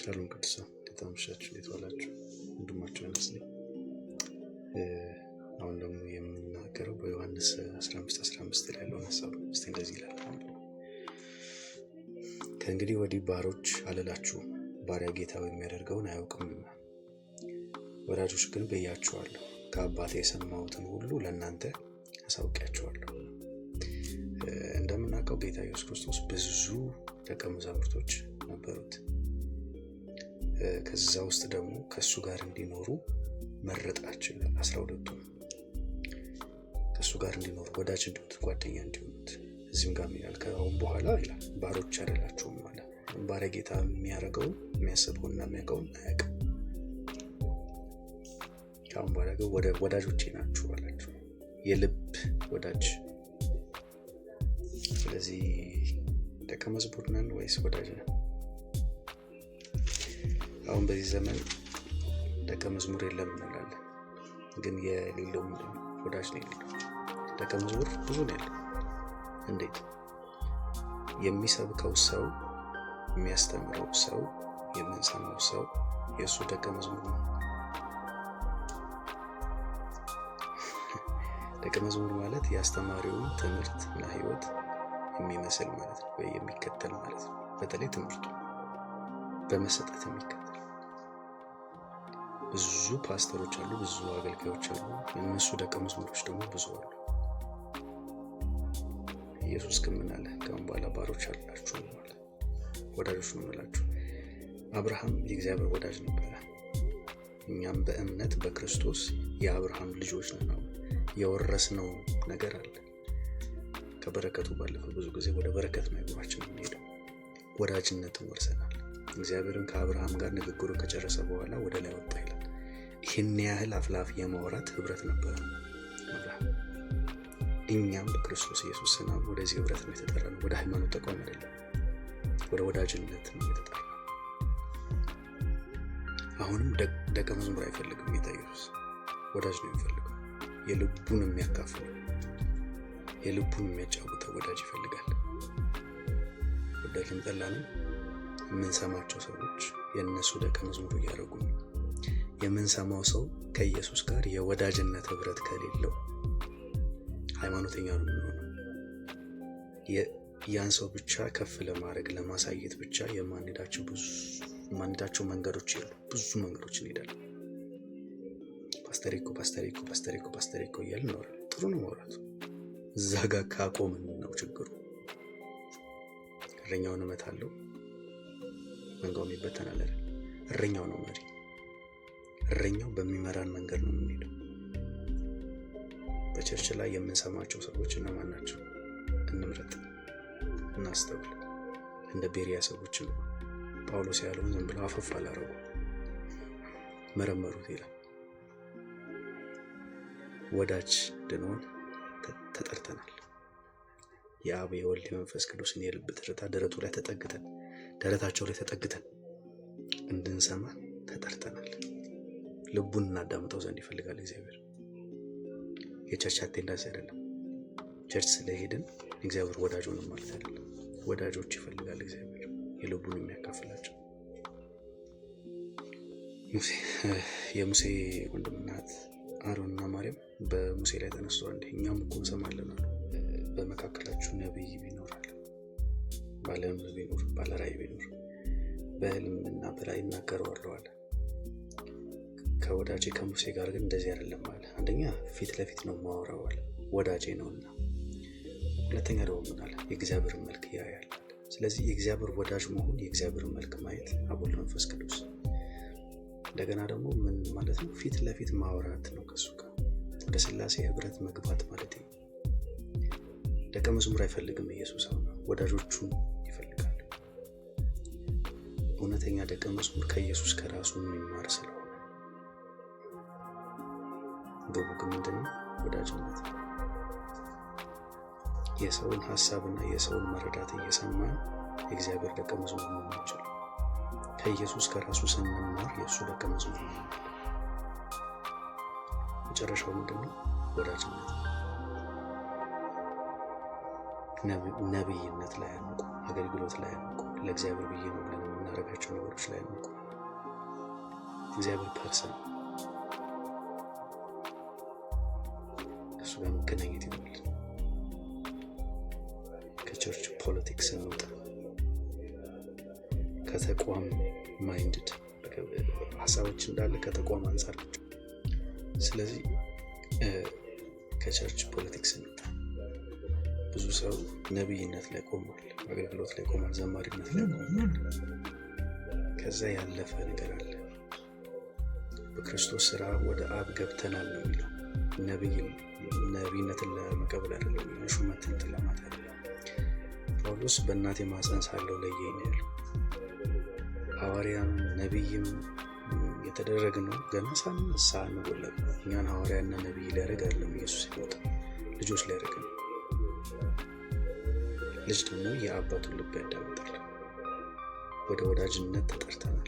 ሻሎም ቅዱሳ እንዴት አመሻችሁ? እንዴት ዋላችሁ? ወንድማችሁ አነስ አሁን ደግሞ የምናገረው በዮሐንስ 15 15 ላይ ያለውን ሀሳብ ስ እንደዚህ ይላል። ከእንግዲህ ወዲህ ባሮች አልላችሁም፣ ባሪያ ጌታ የሚያደርገውን አያውቅምና፣ ወዳጆች ግን ብያችኋለሁ፣ ከአባቴ የሰማሁትን ሁሉ ለእናንተ አሳውቂያችኋለሁ። እንደምናውቀው ጌታ ኢየሱስ ክርስቶስ ብዙ ደቀ መዛሙርቶች ነበሩት። ከዛ ውስጥ ደግሞ ከእሱ ጋር እንዲኖሩ መረጣቸው አስራ ሁለቱ ከእሱ ጋር እንዲኖሩ ወዳጅ እንዲሆኑት ጓደኛ እንዲሆኑት እዚህም ጋር ይላል ከአሁን በኋላ ይላል ባሮች አይደላችሁም አለ። ባለጌታ የሚያደርገውን የሚያስበውና የሚያውቀውን አያቅ ከአሁን በኋላ ግን ወዳጆቼ ናችሁ አላችሁ የልብ ወዳጅ። ስለዚህ ደቀ መዝቡር ነን ወይስ ወዳጅ ነን? አሁን በዚህ ዘመን ደቀ መዝሙር የለም እንላለን፣ ግን የሌለው ምንድን ነው? ወዳጅ ነው የሌለው። ደቀ መዝሙር ብዙ ነው ያለው። እንዴት? የሚሰብከው ሰው፣ የሚያስተምረው ሰው፣ የምንሰማው ሰው የእሱ ደቀ መዝሙር ነው። ደቀ መዝሙር ማለት የአስተማሪውን ትምህርትና ህይወት የሚመስል ማለት ነው፣ ወይ የሚከተል ማለት ነው። በተለይ ትምህርቱ በመሰጠት የሚከተል ብዙ ፓስተሮች አሉ፣ ብዙ አገልጋዮች አሉ። እነሱ ደቀ መዝሙሮች ደግሞ ብዙ አሉ። ኢየሱስ ግን ምን አለ? ከአሁን በኋላ ባሮች አላችሁ ወዳጆች ነው የምላችሁ። አብርሃም የእግዚአብሔር ወዳጅ ነበረ። እኛም በእምነት በክርስቶስ የአብርሃም ልጆች ነው። የወረስነው ነገር አለ። ከበረከቱ ባለፈ ብዙ ጊዜ ወደ በረከት ነው አይጎራችን የሚሄደው። ወዳጅነትን ወርሰናል። እግዚአብሔርን ከአብርሃም ጋር ንግግሩ ከጨረሰ በኋላ ወደ ላይ ወጣ ይህን ያህል አፍላፍ የማውራት ህብረት ነበረ እኛም በክርስቶስ ኢየሱስ ስም ወደዚህ ህብረት ነው የተጠራ ወደ ሃይማኖት ተቋም አይደለም፣ ወደ ወዳጅነት ነው የተጠራ አሁንም ደቀ መዝሙር አይፈልግም ጌታ ኢየሱስ፣ ወዳጅ ነው የሚፈልገው። የልቡን የሚያካፍለው የልቡን የሚያጫውተው ወዳጅ ይፈልጋል። ወዳጅን ጠላንም የምንሰማቸው ሰዎች የእነሱ ደቀ መዝሙር እያደረጉ ነው። የምንሰማው ሰው ከኢየሱስ ጋር የወዳጅነት ህብረት ከሌለው ሃይማኖተኛ ያን ሰው ብቻ ከፍ ለማድረግ ለማሳየት ብቻ የማንዳቸው መንገዶች የሉ ብዙ መንገዶች እንሄዳለን። ፓስተሪኮ ፓስተሪኮ ፓስተሪኮ ፓስተሪኮ እያል እናወራል። ጥሩ ነው ማውራቱ፣ እዛ ጋር ካቆምን ነው ችግሩ። እረኛውን እመታለሁ መንጋውን ይበተናል። እረኛው ነው መሪ እረኛው በሚመራን መንገድ ነው የምንሄደው። በቸርች ላይ የምንሰማቸው ሰዎች እነማን ናቸው? እንምረጥ፣ እናስተውል። እንደ ቤሪያ ሰዎች ጳውሎስ ያለውን ዝም ብለው አፈፍ አላረጉ፣ መረመሩት ይላል። ወዳጅ ድንሆን ተጠርተናል። የአብ የወልድ የመንፈስ ቅዱስን የልብ ትርታ ደረቱ ላይ ተጠግተን ደረታቸው ላይ ተጠግተን እንድንሰማ ተጠርተናል። ልቡን እናዳምጠው ዘንድ ይፈልጋል እግዚአብሔር። የቸርች አቴንዳንስ አይደለም። ቸርች ስለሄድን እግዚአብሔር ወዳጅ ሆነ ማለት አይደለም። ወዳጆች ይፈልጋል እግዚአብሔር የልቡን የሚያካፍላቸው። የሙሴ ወንድምናት አሮንና ማርያም በሙሴ ላይ ተነስቶ አንድ እኛም እኮ እንሰማለን አሉ። በመካከላችሁ ነቢይ ቢኖራል ባለም ቢኖር ባለራይ ቢኖር በህልምና በላይ እናገረዋለሁ ከወዳጄ ከሙሴ ጋር ግን እንደዚህ አይደለም አለ። አንደኛ ፊት ለፊት ነው ማወራው ወዳጄ ነውና። ሁለተኛ ደግሞ ምን አለ? የእግዚአብሔር መልክ ያያል። ስለዚህ የእግዚአብሔር ወዳጅ መሆን የእግዚአብሔር መልክ ማየት አቦል መንፈስ ቅዱስ። እንደገና ደግሞ ምን ማለት ነው? ፊት ለፊት ማውራት ነው ከሱ ጋር ወደ ስላሴ ህብረት መግባት ማለት ነው። ደቀ መዝሙር አይፈልግም ኢየሱስ አሁን ወዳጆቹን ይፈልጋል። እውነተኛ ደቀ መዝሙር ከኢየሱስ ከራሱ የሚማር ስለሆነ በቡክ ምንድን ነው ወዳጅነት የሰውን ሀሳብና የሰውን መረዳት እየሰማን የእግዚአብሔር ደቀ መዝሙር መሆን ይችላል። ከኢየሱስ ከራሱ ስንማር የእሱ ደቀ መዝሙር ነው። መጨረሻው ምንድን ነው? ወዳጅነት ነቢይነት ላይ አንቁ፣ አገልግሎት ላይ አንቁ፣ ለእግዚአብሔር ብዬ ነው ብለን የምናደርጋቸው ነገሮች ላይ አንቁ። እግዚአብሔር ፐርሰን ለመገናኘት ይሆናል። ከቸርች ፖለቲክስ እንውጣ። ከተቋም ማይንድድ ሀሳቦች እንዳለ ከተቋም አንጻር ስለዚህ ከቸርች ፖለቲክስ እንውጣ። ብዙ ሰው ነቢይነት ላይ ቆሟል፣ አገልግሎት ላይ ቆሟል፣ ዘማሪነት ላይ ቆሟል። ከዛ ያለፈ ነገር አለ። በክርስቶስ ስራ ወደ አብ ገብተናል ነው የሚለው ነብይን ነቢነትን ለመቀበል አይደለም፣ ሹመት ለማት አይደለም። ጳውሎስ በእናቴ ማህፀን ሳለው ለየኝ ያለ ሐዋርያም ነቢይም የተደረገ ነው። ገና ሳንወለድ ነው። እኛን ሐዋርያና ነቢይ ሊያደርግ አይደለም ኢየሱስ ሲመጣ፣ ልጆች ሊያደርግ ነው። ልጅ ደግሞ የአባቱን ልብ ያዳምጣል። ወደ ወዳጅነት ተጠርተናል።